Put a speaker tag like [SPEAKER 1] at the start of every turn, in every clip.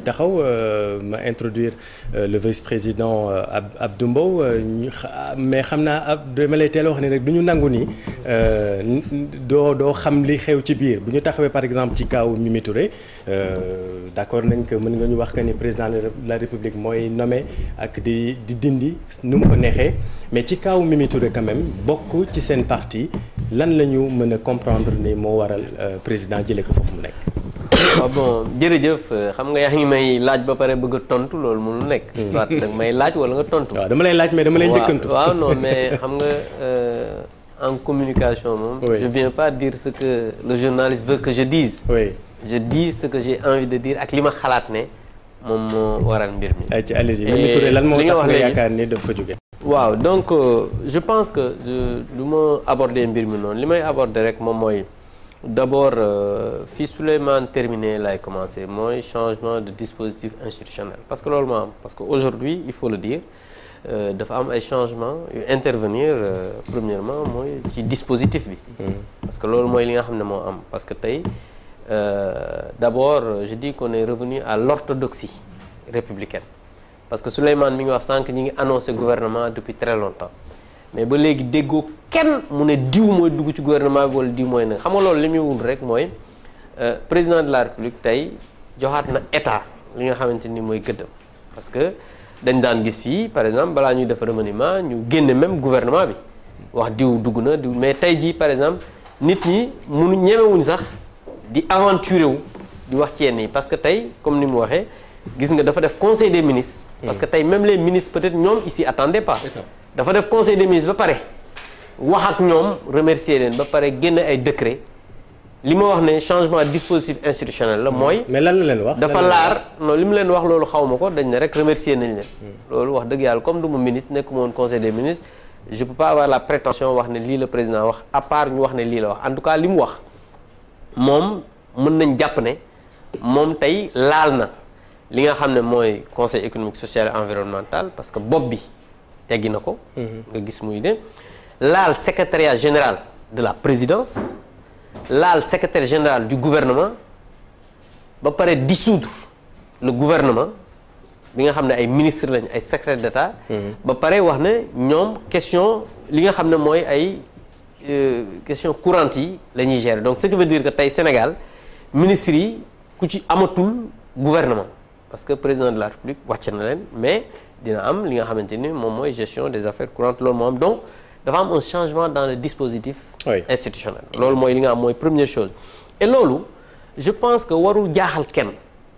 [SPEAKER 1] ñuy taxaw euh, ma introduire euh, le vice-président euh, ab Abdou Mbow mais xam naa ab dama lay teel wax ni rek du ñu nangu nii doo doo xam li xew ci biir bu ñu taxawee par exemple ci kaaw Mimi Touré d'accord nañ que mën nga ñu wax que ni président de la République mooy nommé ak di di dindi nu mu ko neexee mais ci kaaw Mimi Touré même bokk ci seen parti lan la ñu mën a comprendre ni moo waral président jëlee ko foofu mu nekk. waaw ah
[SPEAKER 2] bon jërëjëf xam nga yaa ngi may laaj ba pare bëgg a tontu loolu mënul nekk. Hmm. soit nag may laaj wala nga tontu. waaw dama lay laaj mais dama lay njëkkantu. waaw non mais xam nga euh, en communication moom. je viens pas le journaliste veut que je je dis ce que j'ai de dire ak li ma xalaat ne moom moo waral mbir mi. ay ci allez-y Mimi Touré lan moo tax nga yaakaar
[SPEAKER 1] ni dafa jóge.
[SPEAKER 2] waaw donc euh, je pense que je du ma aborder mbir mi noonu li may aborder rek moom mooy. d'abord euh, fi Souleymane terminé laay commencé mooy changement de dispositif institutionnel parce que loolu moo am parce que aujourd'hui il faut le dire euh, dafa am ay changement yu intervenir euh, premièrement mooy ci dispositif bi hmm. parce que loolu mooy li nga xam ne moo am parce que tey d'abord je dis qu'on est revenu à l'orthodoxie républicaine parce que Souleymane mi ngi wax sànq ñi ngi annoncé gouvernement depuis très longtemps mais ba léegi déggoo kenn mu ne diw mooy dugg ci gouvernement bi wala diw mooy na xam nga loolu li muy wul rek mooy euh, président de la république tey joxaat na état li nga xamante ni mooy gëddam parce que dañ daan gis fii par exemple balaa ñuy def remaniement ñu génne même gouvernement bi wax diw dugg na diw mais tey jii par exemple nit ñi mu ñemewuñ sax di aventurer di wax ci yenn yi parce que tey comme ni mu waxee gis nga dafa def conseil des ministres hmm. parce que tey même dafa def conseil de ministres ba pare wax ak ñoom remercier leen ba pare génn ay décret li ma wax ne changement dispositif institutionnel la mooy.
[SPEAKER 1] mais lan la leen wax dafa laar
[SPEAKER 2] non li mu leen wax loolu xaw ma ko dañ ne rek remercier nañ leen. loolu wax dëgg yàlla comme du ma ministre nekk woon conseil des ministres je peux pas la prétention wax ne lii la président wax à part ñu wax ne lii la wax en tout li mu wax moom mën nañ jàpp ne moom tey laal na li nga xam ne mooy conseil économique social et environnemental parce que bopp bi. teggi na ko nga gis muy ne laal secrétariat général de la présidence laal secrétaire général du gouvernement ba pare di dissoudre la gouvernement bi nga xam ne ay ministre lañ ay secrétaire d'État mhm. ba pare wax ne ñoom question li nga xam ne mooy ay euh, question courante yi la ñuy gérer donc ce qui veut dire que tey Sénégal ministre yi ku ci amatul gouvernement parce que président de la République wàcc na leen mais dina am li nga xamante ni moom mooy gestion des affaires courantes loolu moo am donc dafa am un changement dans le dispositif oui. institutionnel loolu mooy li nga am mooy première chose et loolu je pense que warul jaaxal kenn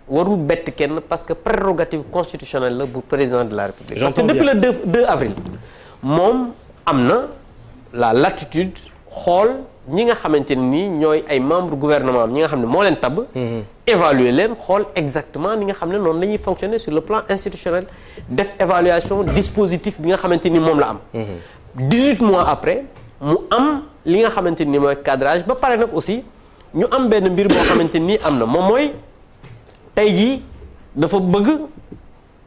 [SPEAKER 2] warul bett kenn parce que prérogative constitutionnelle la bu président de la république parce que depuis le 2 avril moom am na la latitude xool ñi nga xamante ne nii ñooy ay membre gouvernement ñi nga xam ne moo leen tabb mhm. évaluer leen xool exactement ni nga xam ne noonu la ñuy fonctionner sur le plan institutionnel def évaluation dispositif bi nga xamante ni moom la am 18 mhm. mois après mu am li nga xamante ni mooy cadrage ba pare nag aussi ñu am benn mbir boo xamante nii am na moom mooy tey jii
[SPEAKER 1] dafa bëgg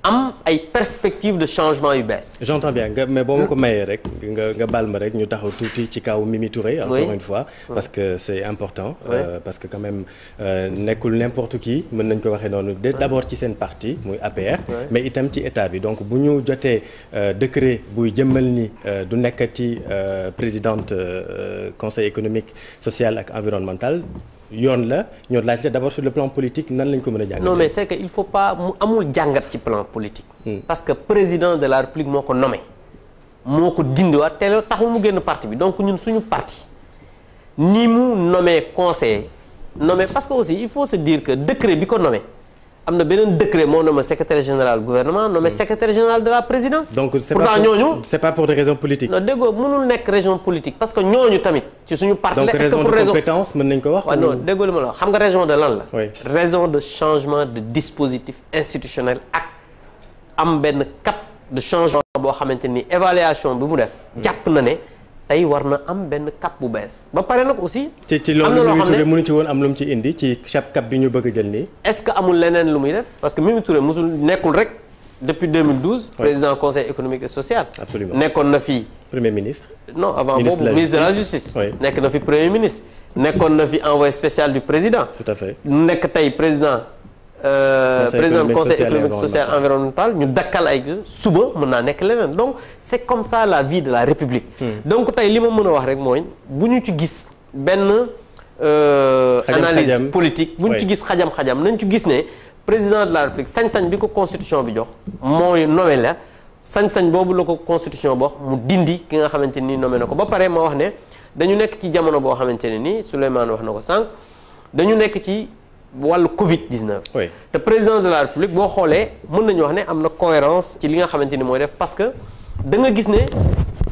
[SPEAKER 1] am ay perspectives de changement yu bees. j'entends bien nga mais boo ma ko hmm. mayee rek nga nga baal ma rek ñu taxaw tuuti ci kaw Mimi Touré. encore une fois parce que c'est important. Euh, parce que quand même euh, nekkul n'importe qui mën nañ ko waxee noonu. d'abord ci seen parti muy APR. mais itam ci état bi donc bu ñu jotee euh, décret buy jëmmal ni du nekkati présidente conseil économique social ak environnemental. yoon la ñoo laaj la d'abord sur le plan politique nan lañ ko mën a jàngat. non mais c'est
[SPEAKER 2] que il faut pas mu amul jàngat ci plan politique. Hmm. parce que président de la république moo ko nommé. moo ko dindiwaat te taxul mu génn parti bi donc ñun suñu parti nii mu nommé conseil nommé parce que aussi il faut se dire que décret bi ko nommé. am na beneen décret moo nommé secrétaire général gouvernement nommé hmm. secrétaire général de la présidence. donc c' est pas pour ñooñu. c' est pas pour des raisons politiques. non déggoo mënul nekk région politique. parce que ñooñu tamit ci suñu parti. est ce pour raison de compétence
[SPEAKER 1] mën nañu ko wax. waaw non
[SPEAKER 2] déggoo li ma la wax xam nga raison de lan la. oui raison de changement de dispositif institutionnel ak am benn cap de changement boo xamante ni évaluation bi mu def. jàpp na ne. tey war na am benn cap bu bees ba pare nag aussi. ci loolu Mimi Touré mënu
[SPEAKER 1] ci woon am lu mu ci indi ci cap bi ñu bëgg jël nii.
[SPEAKER 2] est-ce que amul leneen lu muy def parce que Mimi Touré mosul nekkul rek depuis 2012. président conseil économique et social. nekkoon na fi. premier ministre. non avant boobu ministre de la justice nekk na fi premier ministre. nekkoon na fi envoyé spécial du président. tout à fait nekk tey président. président euh, conseil économique social environnemental ñu dakkal ay suba mën naa nekk leneen donc c'est comme ça la vie de la république hmm. donc tey li ma mën a wax rek mooy bu ñu ci gis benn euh, analyse politique bu ñu ci gis xajam-xajam nañ ci gis ne président de la république sañ-sañ bi ko constitution bi jox mooy nommé sañ-sañ boobu la ko constitution boo mu dindi ki nga xamante ni nommé na ko ba pare ma wax ne dañu nekk ci jamono boo xamante ne ni Souleymane wax na ko sànq wàllu Covid 19. oui te président de la République boo xoolee mën nañu wax ne am na cohérence ci li nga xamante ni mooy def parce que da nga gis ne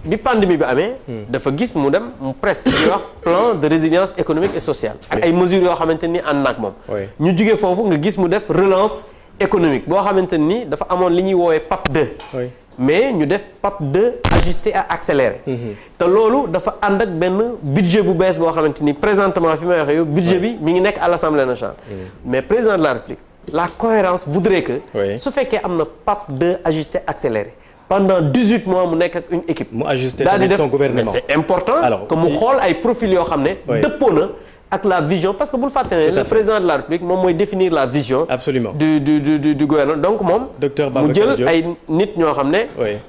[SPEAKER 2] bi pandémie bi amee. Hmm. dafa gis mu dem mu presque li wax plan de résilience ak ay mesures yoo xamante ni ànd naag moom. ñu jugee foofu nga gis mu def relance économique boo xamante ni dafa amoon li ñuy woowee PAP 2. mais ñu def PAP 2 ajuster à accélérer. Mm-hmm. te loolu dafa ànd ak benn budget bu bees boo xamante ni présentement fi may waxee yow budget bi mi ngi nekk à l'Assemblée nationale. Mm-hmm. mais président de la République la cohérence voudrait que. su fekkee am na PAP 2 ajuster accéléré. pendant 18 mois mu nekk ak une équipe. mu ajuster tamit son gouvernement daal di def c'est important. alors que mu xool ay profil yoo xam ne. dëppoo na. ak la vision parce que bul fàtte ne le président de la république moom mooy définir la vision. absolument du du du du, du gouvernement donc moom.
[SPEAKER 1] docteur Babacar mu jël ay
[SPEAKER 2] nit ñoo xam ne.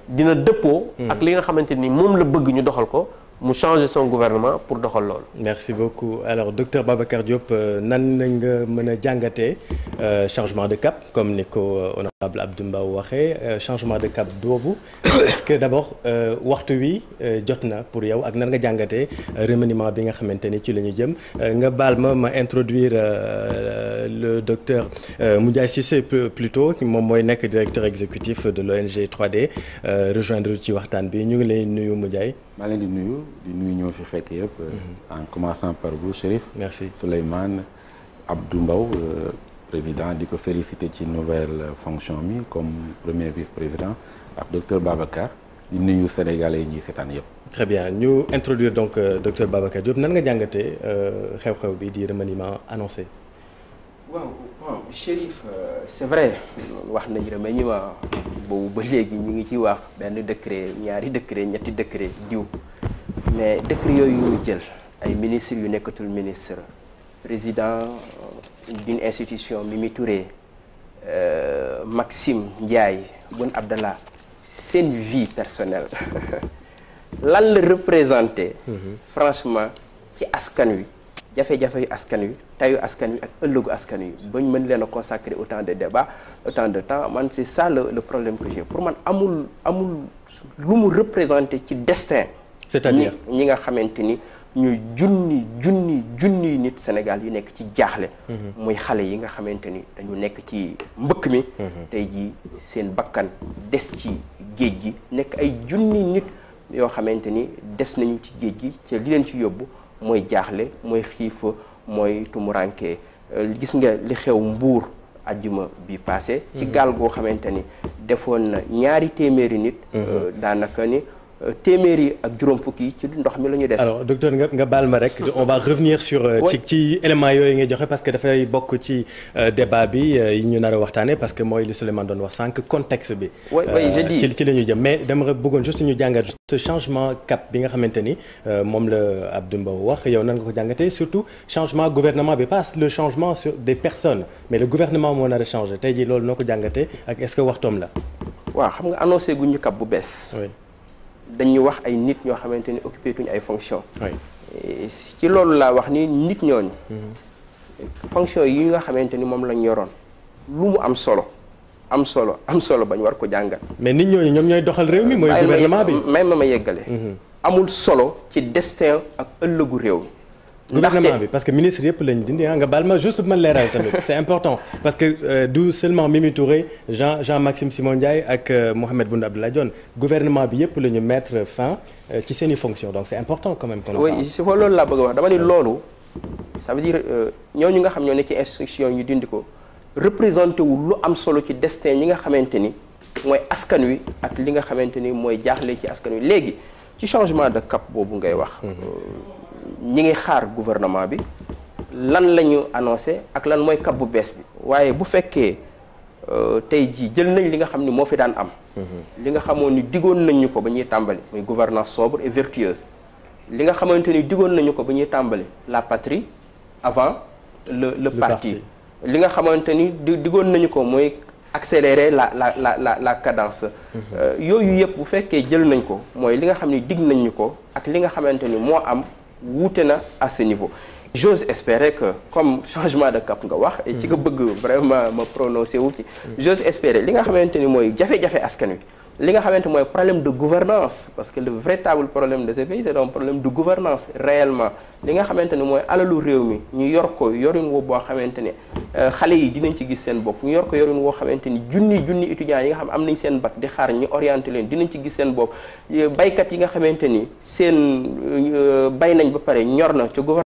[SPEAKER 2] dina dëppoo. Hmm. ak li nga xamante ni moom la bëgg ñu doxal ko. mu changer
[SPEAKER 1] son gouvernement pour doxal loolu. merci beaucoup alors docteur Babacar Diop euh, nan nga mën a jàngatee euh, changement de cap comme ni ko euh, on a honorable Abdou Mbow waxee euh, changement de cap boobu est-ce que d'abord euh, waxtu wi euh, jot na pour yow ak nan nga jàngatee remaniement bi nga xamante ni ci la ñu jëm nga baal ma ma introduire le docteur Moundiaye Cissé plutôt moom mooy nekk directeur exécutif de l'ONG 3D rejoindre ci waxtaan bi ñu ngi lay nuyu Moundiaye maa leen di nuyu di nuyu ñëw fi fekk yëpp mm-hmm. en commençant par vous Chérif merci Souleymane président di ko féliciter ci nouvelle fonction mi comme premier vice-président ak docteur Babacar di nuyu sénégalais yi ñuy seetaan yëpp. très bien ñu introduire donc euh, docteur Babacar Diop nan nga jàngatee euh, xew-xew bi di remaniement annoncé.
[SPEAKER 3] waaw bon Chérif euh, c'est vrai wax nañ remaniement boobu ba léegi ñu ngi ci waax benn décret ñaari décret ñetti décret diw mais décret yooyu ñu jël ay ministres yu nekkatul ministre président. d'une institution Mimi Touré euh, Maxime Ndiaye Boun Abdallah seen vie personnel lan la représenté. Mhm. franchement ci askan wi jafe-jafe yu askan wi tayu askan wi ak ëllëgu askan wi ba mën leen a consacrer autant de débats autant de temps man c'est ça le, problème que j'ai pour man amul amul lu mu représenté ci destin. cest à ñi nga xamante ni. ñuy junni junni junni nit Sénégal yu nekk ci jaaxle mooy mhm. xale yi nga xamante ni dañu nekk ci mbëkk mi mhm. tey jii seen bakkan des ci géej gi nekk ay junni nit yoo xamante ni des nañu ci géej gi ci li leen ci yóbbu mooy jaaxle mooy xiif mooy tumuraanke euh, gis nga li xew mbuur ajjuma bi passé ci mhm. gaal goo xamante ni defoon na ñaari téeméeri nit euh, daanaka ni
[SPEAKER 1] Euh, téeméer yi ak juróom fukki yi ci ndox mi la ñu des. alors docteur nga nga baal ma rek. on va revenir sur euh, ci ci yooyu nga joxe parce que dafay bokk ci euh, débat bi yi ñu nar a waxtaanee parce que mooy li Souleymane doon wax sànq contexte bi. ci ci la ñuy jëm mais dama bëggoon juste ñu jàngat changement cap bi nga xamante ni moom la Abdou Mbow wax yow nan nga ko jàngatee surtout changement gouvernement bi pas le changement sur des personnes mais le gouvernement moo a changé tey jii loolu noo ko jàngatee ak est la.
[SPEAKER 3] waaw xam nga annoncé guñu cap bu bees. dañuy wax ay nit ñoo xamante ni occupé tuñu ay fonction ci loolu laa wax ni nit ñooñu
[SPEAKER 1] mm-hmm.
[SPEAKER 3] fonction yi nga xamante ni moom lañ yoroon lu mu am solo am solo am solo bañ war ko jàngal
[SPEAKER 1] mais nit ñooñu ñoom ñooy doxal réew mi mooy gouvernement bi may ma ma yeggale mm-hmm. amul solo ci destin
[SPEAKER 3] ak ëllëgu réew
[SPEAKER 1] gouvernement bi parce que ministre yëpp lañ dindi ah nga baal ma juste man leeral tamit c'est important parce que euh, du seulement Mimi Touré Jean Jean Maxime Simon Ndiaye ak euh, Mohamed Boun Abdallah Dionne gouvernement bi yëpp la ñu mettre fin euh, ci seeni i donc c'est important quand même. qu'on oui
[SPEAKER 3] loolu laa bëgg a wax dama ni loolu ça veut dire euh, ñooñu nga xam ñoo nekk ci instruction ñu dindi ko représenté wu lu am solo ci destin ñi nga xamante ni mooy askan wi ak li nga xamante ni mooy jaaxle ci askan wi léegi ci changement de cap boobu ngay wax. Mm-hmm. Euh, ñi ngi xaar gouvernement bi lan lañu ñu annoncé ak lan mooy cap bu bees bi waaye bu fekkee euh, tey jii jël nañ li nga xam ni moo fi daan am mm-hmm. li nga xamoon ni digoon nañ ñu ko ba ñuy tàmbali muy gouvernance sobre et li nga xamante ni digoon nañu ko ba ñuy tàmbali la patrie avant le le li nga xamante ni digoon nañu ko mooy accélérer la la la la la cadence mm-hmm. euh, yooyu yëpp bu fekkee jël nañ ko mooy li nga xam ni digg nañ ko ak li nga xamante ni moo am wuute na à ce niveau j'ose espérer que comme changement de cap nga wax. ci nga bëgg vraiment ma prononcé wu ci. j'ose espérer li nga xamante ni mooy jafe-jafe askan wi. li nga xamante mooy problème de gouvernance parce que le véritable problème de ce pays c'est un problème de gouvernance réellement li nga xamante ni mooy alalu réew mi ñu yor ko yorin woo boo xamante ne euh, xale yi dinañ ci gis seen bopp ñu yor ko yorin woo xamante ni junni junni étudiants yi nga xam am nañ seen bac di xaar ñu orienté leen dinañ ci gis seen bopp baykat yi nga xamante ni seen euh, bay nañ ba pare ñor na ca gouvernance